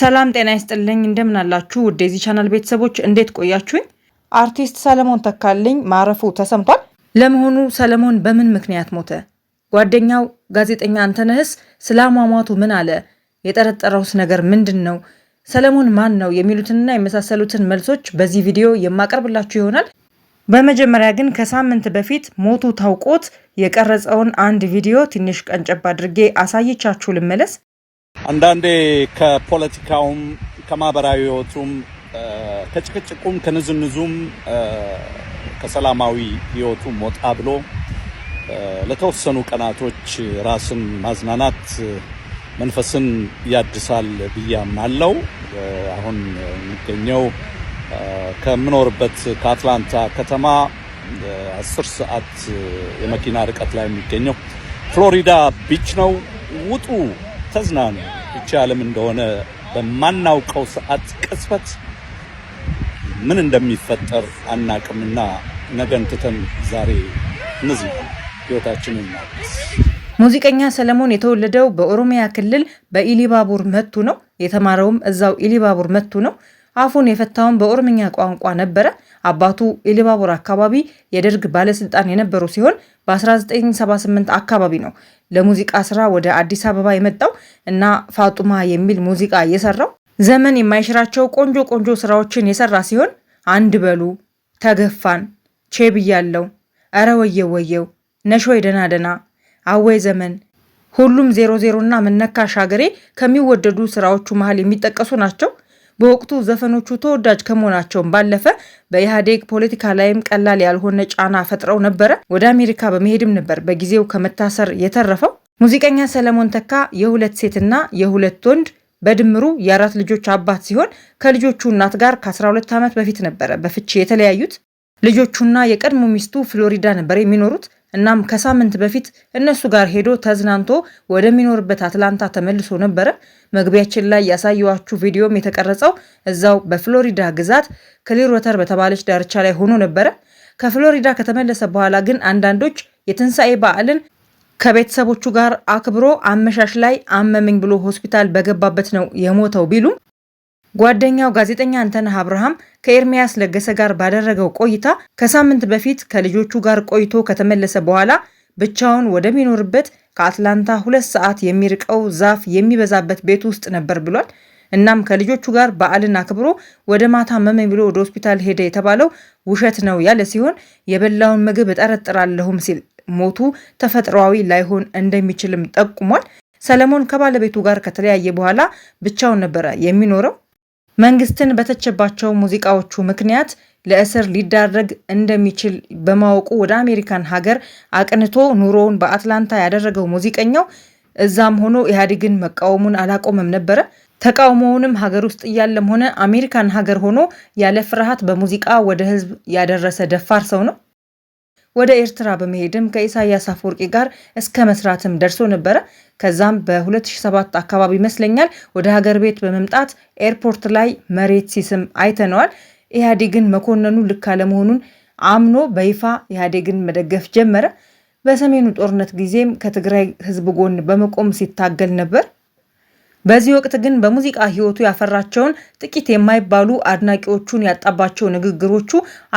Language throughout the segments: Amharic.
ሰላም ጤና ይስጥልኝ። እንደምን አላችሁ ውድ የዚህ ቻናል ቤተሰቦች፣ እንዴት ቆያችሁኝ? አርቲስት ሰለሞን ተካልኝ ማረፉ ተሰምቷል። ለመሆኑ ሰለሞን በምን ምክንያት ሞተ? ጓደኛው ጋዜጠኛ አንተነህስ ስለ አሟሟቱ ምን አለ? የጠረጠረውስ ነገር ምንድን ነው? ሰለሞን ማን ነው? የሚሉትንና የመሳሰሉትን መልሶች በዚህ ቪዲዮ የማቀርብላችሁ ይሆናል። በመጀመሪያ ግን ከሳምንት በፊት ሞቱ ታውቆት የቀረጸውን አንድ ቪዲዮ ትንሽ ቀንጨብ አድርጌ አሳይቻችሁ ልመለስ። አንዳንዴ ከፖለቲካውም ከማህበራዊ ህይወቱም ከጭቅጭቁም ከንዝንዙም ከሰላማዊ ህይወቱም ወጣ ብሎ ለተወሰኑ ቀናቶች ራስን ማዝናናት መንፈስን ያድሳል ብያም አለው። አሁን የሚገኘው ከምኖርበት ከአትላንታ ከተማ አስር ሰዓት የመኪና ርቀት ላይ የሚገኘው ፍሎሪዳ ቢች ነው። ውጡ፣ ተዝናኑ። ይቺ ዓለም እንደሆነ በማናውቀው ሰዓት ቅጽበት ምን እንደሚፈጠር አናቅምና ነገን ትተን ዛሬ እነዚህ ህይወታችንን ሙዚቀኛ ሰለሞን የተወለደው በኦሮሚያ ክልል በኢሊባቡር መቱ ነው። የተማረውም እዛው ኢሊባቡር መቱ ነው። አፉን የፈታውን በኦሮምኛ ቋንቋ ነበረ። አባቱ የሊባቡር አካባቢ የደርግ ባለስልጣን የነበሩ ሲሆን በ1978 አካባቢ ነው ለሙዚቃ ስራ ወደ አዲስ አበባ የመጣው እና ፋጡማ የሚል ሙዚቃ እየሰራው ዘመን የማይሽራቸው ቆንጆ ቆንጆ ስራዎችን የሰራ ሲሆን አንድ በሉ፣ ተገፋን፣ ቼብያለው፣ እረ ወየው ወየው፣ ነሾይ ደና፣ አወይ ዘመን ሁሉም ዜሮ ዜሮና መነካ ሀገሬ ከሚወደዱ ስራዎቹ መሃል የሚጠቀሱ ናቸው። በወቅቱ ዘፈኖቹ ተወዳጅ ከመሆናቸውን ባለፈ በኢህአዴግ ፖለቲካ ላይም ቀላል ያልሆነ ጫና ፈጥረው ነበረ። ወደ አሜሪካ በመሄድም ነበር በጊዜው ከመታሰር የተረፈው። ሙዚቀኛ ሰለሞን ተካ የሁለት ሴትና የሁለት ወንድ በድምሩ የአራት ልጆች አባት ሲሆን ከልጆቹ እናት ጋር ከ12 ዓመት በፊት ነበረ በፍቺ የተለያዩት። ልጆቹና የቀድሞ ሚስቱ ፍሎሪዳ ነበር የሚኖሩት። እናም ከሳምንት በፊት እነሱ ጋር ሄዶ ተዝናንቶ ወደሚኖርበት አትላንታ ተመልሶ ነበረ። መግቢያችን ላይ ያሳየዋችሁ ቪዲዮም የተቀረጸው እዛው በፍሎሪዳ ግዛት ክሊሮተር በተባለች ዳርቻ ላይ ሆኖ ነበረ። ከፍሎሪዳ ከተመለሰ በኋላ ግን አንዳንዶች የትንሣኤ በዓልን ከቤተሰቦቹ ጋር አክብሮ አመሻሽ ላይ አመመኝ ብሎ ሆስፒታል በገባበት ነው የሞተው ቢሉም ጓደኛው ጋዜጠኛ አንተነህ አብርሃም ከኤርሚያስ ለገሰ ጋር ባደረገው ቆይታ ከሳምንት በፊት ከልጆቹ ጋር ቆይቶ ከተመለሰ በኋላ ብቻውን ወደሚኖርበት ከአትላንታ ሁለት ሰዓት የሚርቀው ዛፍ የሚበዛበት ቤት ውስጥ ነበር ብሏል። እናም ከልጆቹ ጋር በዓልን አክብሮ ወደ ማታ መመኝ ብሎ ወደ ሆስፒታል ሄደ የተባለው ውሸት ነው ያለ ሲሆን የበላውን ምግብ እጠረጥራለሁም ሲል ሞቱ ተፈጥሯዊ ላይሆን እንደሚችልም ጠቁሟል። ሰለሞን ከባለቤቱ ጋር ከተለያየ በኋላ ብቻውን ነበረ የሚኖረው። መንግስትን በተቸባቸው ሙዚቃዎቹ ምክንያት ለእስር ሊዳረግ እንደሚችል በማወቁ ወደ አሜሪካን ሀገር አቅንቶ ኑሮውን በአትላንታ ያደረገው ሙዚቀኛው እዛም ሆኖ ኢህአዴግን መቃወሙን አላቆመም ነበረ። ተቃውሞውንም ሀገር ውስጥ እያለም ሆነ አሜሪካን ሀገር ሆኖ ያለ ፍርሃት በሙዚቃ ወደ ህዝብ ያደረሰ ደፋር ሰው ነው። ወደ ኤርትራ በመሄድም ከኢሳያስ አፈወርቂ ጋር እስከ መስራትም ደርሶ ነበረ። ከዛም በ2007 አካባቢ ይመስለኛል ወደ ሀገር ቤት በመምጣት ኤርፖርት ላይ መሬት ሲስም አይተነዋል። ኢህአዴግን መኮነኑ ልክ አለመሆኑን አምኖ በይፋ ኢህአዴግን መደገፍ ጀመረ። በሰሜኑ ጦርነት ጊዜም ከትግራይ ህዝብ ጎን በመቆም ሲታገል ነበር። በዚህ ወቅት ግን በሙዚቃ ህይወቱ ያፈራቸውን ጥቂት የማይባሉ አድናቂዎቹን ያጣባቸው ንግግሮቹ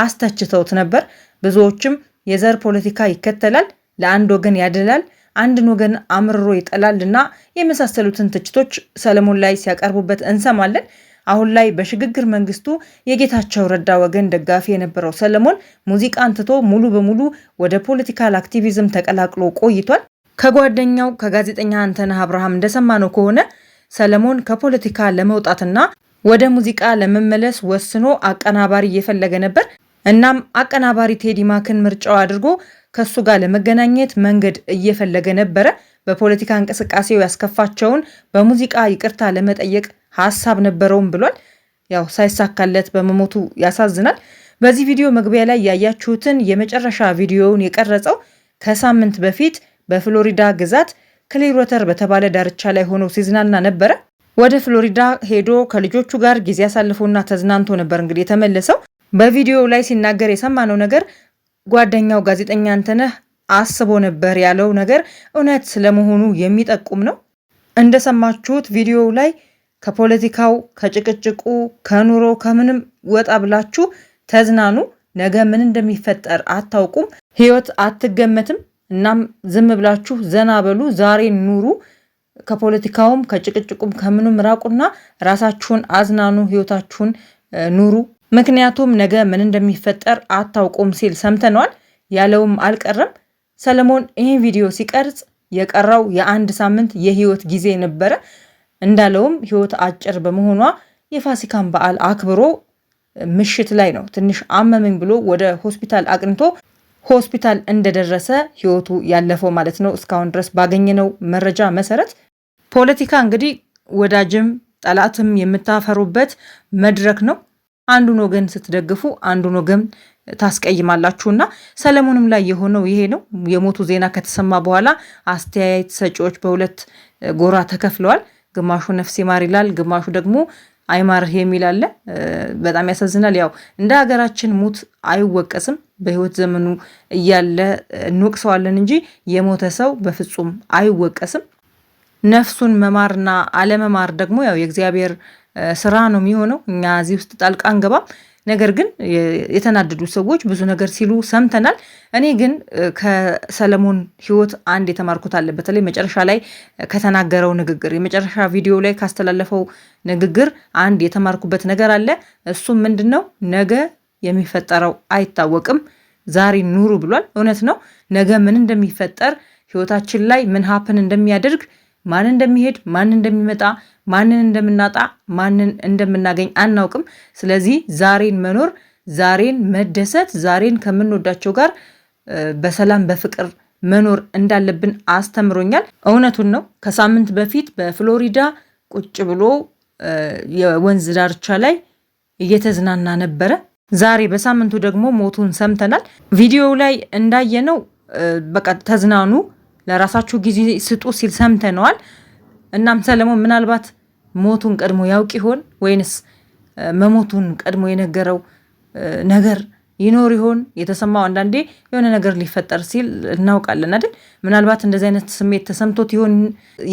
አስተችተውት ነበር። ብዙዎችም የዘር ፖለቲካ ይከተላል፣ ለአንድ ወገን ያደላል፣ አንድን ወገን አምርሮ ይጠላል እና የመሳሰሉትን ትችቶች ሰለሞን ላይ ሲያቀርቡበት እንሰማለን። አሁን ላይ በሽግግር መንግስቱ የጌታቸው ረዳ ወገን ደጋፊ የነበረው ሰለሞን ሙዚቃን ትቶ ሙሉ በሙሉ ወደ ፖለቲካል አክቲቪዝም ተቀላቅሎ ቆይቷል። ከጓደኛው ከጋዜጠኛ አንተነህ አብርሃም እንደሰማነው ከሆነ ሰለሞን ከፖለቲካ ለመውጣትና ወደ ሙዚቃ ለመመለስ ወስኖ አቀናባሪ እየፈለገ ነበር። እናም አቀናባሪ ቴዲ ማክን ምርጫው አድርጎ ከሱ ጋር ለመገናኘት መንገድ እየፈለገ ነበረ። በፖለቲካ እንቅስቃሴው ያስከፋቸውን በሙዚቃ ይቅርታ ለመጠየቅ ሀሳብ ነበረውም ብሏል። ያው ሳይሳካለት በመሞቱ ያሳዝናል። በዚህ ቪዲዮ መግቢያ ላይ ያያችሁትን የመጨረሻ ቪዲዮውን የቀረጸው ከሳምንት በፊት በፍሎሪዳ ግዛት ክሊሮተር በተባለ ዳርቻ ላይ ሆኖ ሲዝናና ነበረ። ወደ ፍሎሪዳ ሄዶ ከልጆቹ ጋር ጊዜ አሳልፎና ተዝናንቶ ነበር እንግዲህ የተመለሰው። በቪዲዮው ላይ ሲናገር የሰማነው ነገር ጓደኛው ጋዜጠኛ አንተነህ አስቦ ነበር ያለው ነገር እውነት ስለመሆኑ የሚጠቁም ነው። እንደሰማችሁት ቪዲዮው ላይ ከፖለቲካው፣ ከጭቅጭቁ፣ ከኑሮ ከምንም ወጣ ብላችሁ ተዝናኑ። ነገ ምን እንደሚፈጠር አታውቁም። ህይወት አትገመትም። እናም ዝም ብላችሁ ዘና በሉ፣ ዛሬ ኑሩ። ከፖለቲካውም ከጭቅጭቁም ከምንም ራቁና ራሳችሁን አዝናኑ፣ ህይወታችሁን ኑሩ ምክንያቱም ነገ ምን እንደሚፈጠር አታውቁም ሲል ሰምተነዋል። ያለውም አልቀረም። ሰለሞን ይህን ቪዲዮ ሲቀርጽ የቀረው የአንድ ሳምንት የህይወት ጊዜ ነበረ። እንዳለውም ህይወት አጭር በመሆኗ የፋሲካን በዓል አክብሮ ምሽት ላይ ነው ትንሽ አመመኝ ብሎ ወደ ሆስፒታል አቅንቶ ሆስፒታል እንደደረሰ ህይወቱ ያለፈው ማለት ነው። እስካሁን ድረስ ባገኘነው መረጃ መሰረት ፖለቲካ እንግዲህ ወዳጅም ጠላትም የምታፈሩበት መድረክ ነው። አንዱን ወገን ስትደግፉ አንዱን ወገን ታስቀይማላችሁና ሰለሞንም ላይ የሆነው ይሄ ነው። የሞቱ ዜና ከተሰማ በኋላ አስተያየት ሰጪዎች በሁለት ጎራ ተከፍለዋል። ግማሹ ነፍስ ይማር ይላል፣ ግማሹ ደግሞ አይማርህ የሚል አለ። በጣም ያሳዝናል። ያው እንደ ሀገራችን ሙት አይወቀስም። በህይወት ዘመኑ እያለ እንወቅሰዋለን እንጂ የሞተ ሰው በፍጹም አይወቀስም። ነፍሱን መማርና አለመማር ደግሞ ያው የእግዚአብሔር ስራ ነው የሚሆነው። እኛ እዚህ ውስጥ ጣልቃ አንገባም። ነገር ግን የተናደዱ ሰዎች ብዙ ነገር ሲሉ ሰምተናል። እኔ ግን ከሰለሞን ሕይወት አንድ የተማርኩት አለ። በተለይ መጨረሻ ላይ ከተናገረው ንግግር፣ የመጨረሻ ቪዲዮ ላይ ካስተላለፈው ንግግር አንድ የተማርኩበት ነገር አለ። እሱም ምንድን ነው? ነገ የሚፈጠረው አይታወቅም፣ ዛሬ ኑሩ ብሏል። እውነት ነው። ነገ ምን እንደሚፈጠር ሕይወታችን ላይ ምን ሀፕን እንደሚያደርግ ማን እንደሚሄድ ማን እንደሚመጣ ማንን እንደምናጣ ማንን እንደምናገኝ አናውቅም። ስለዚህ ዛሬን መኖር፣ ዛሬን መደሰት፣ ዛሬን ከምንወዳቸው ጋር በሰላም በፍቅር መኖር እንዳለብን አስተምሮኛል። እውነቱን ነው። ከሳምንት በፊት በፍሎሪዳ ቁጭ ብሎ የወንዝ ዳርቻ ላይ እየተዝናና ነበረ። ዛሬ በሳምንቱ ደግሞ ሞቱን ሰምተናል። ቪዲዮው ላይ እንዳየነው በቃ ተዝናኑ ለራሳችሁ ጊዜ ስጡ ሲል ሰምተነዋል። እናም ሰለሞን ምናልባት ሞቱን ቀድሞ ያውቅ ይሆን ወይንስ መሞቱን ቀድሞ የነገረው ነገር ይኖር ይሆን የተሰማው? አንዳንዴ የሆነ ነገር ሊፈጠር ሲል እናውቃለን አይደል? ምናልባት እንደዚህ አይነት ስሜት ተሰምቶት ይሆን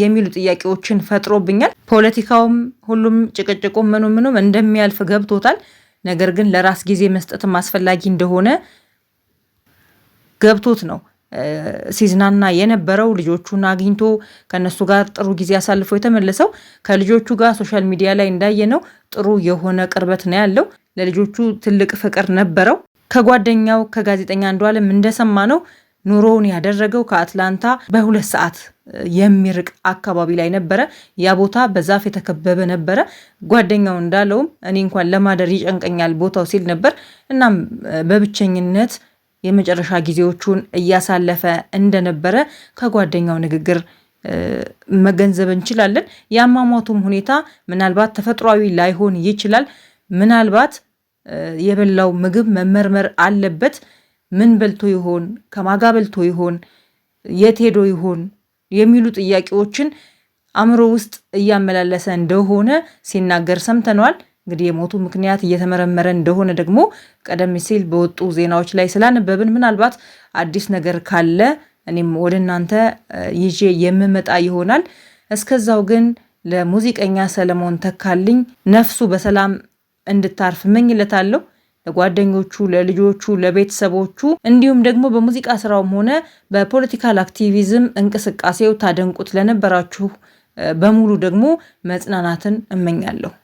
የሚሉ ጥያቄዎችን ፈጥሮብኛል። ፖለቲካውም፣ ሁሉም ጭቅጭቁ፣ ምኑ ምኑም እንደሚያልፍ ገብቶታል። ነገር ግን ለራስ ጊዜ መስጠትም አስፈላጊ እንደሆነ ገብቶት ነው ሲዝናና የነበረው ልጆቹን አግኝቶ ከነሱ ጋር ጥሩ ጊዜ አሳልፎ የተመለሰው ከልጆቹ ጋር ሶሻል ሚዲያ ላይ እንዳየነው ጥሩ የሆነ ቅርበት ነው ያለው። ለልጆቹ ትልቅ ፍቅር ነበረው። ከጓደኛው ከጋዜጠኛ አንዷለም እንደሰማ ነው ኑሮውን ያደረገው ከአትላንታ በሁለት ሰዓት የሚርቅ አካባቢ ላይ ነበረ። ያ ቦታ በዛፍ የተከበበ ነበረ። ጓደኛው እንዳለውም እኔ እንኳን ለማደር ይጨንቀኛል ቦታው ሲል ነበር። እናም በብቸኝነት የመጨረሻ ጊዜዎቹን እያሳለፈ እንደነበረ ከጓደኛው ንግግር መገንዘብ እንችላለን። የአሟሟቱም ሁኔታ ምናልባት ተፈጥሯዊ ላይሆን ይችላል። ምናልባት የበላው ምግብ መመርመር አለበት። ምን በልቶ ይሆን? ከማጋ በልቶ ይሆን? የት ሄዶ ይሆን? የሚሉ ጥያቄዎችን አእምሮ ውስጥ እያመላለሰ እንደሆነ ሲናገር ሰምተነዋል። እንግዲህ የሞቱ ምክንያት እየተመረመረ እንደሆነ ደግሞ ቀደም ሲል በወጡ ዜናዎች ላይ ስላነበብን ምናልባት አዲስ ነገር ካለ እኔም ወደ እናንተ ይዤ የምመጣ ይሆናል። እስከዛው ግን ለሙዚቀኛ ሰለሞን ተካልኝ ነፍሱ በሰላም እንድታርፍ እመኝለታለሁ። ለጓደኞቹ፣ ለልጆቹ፣ ለቤተሰቦቹ እንዲሁም ደግሞ በሙዚቃ ስራውም ሆነ በፖለቲካል አክቲቪዝም እንቅስቃሴው ታደንቁት ለነበራችሁ በሙሉ ደግሞ መጽናናትን እመኛለሁ።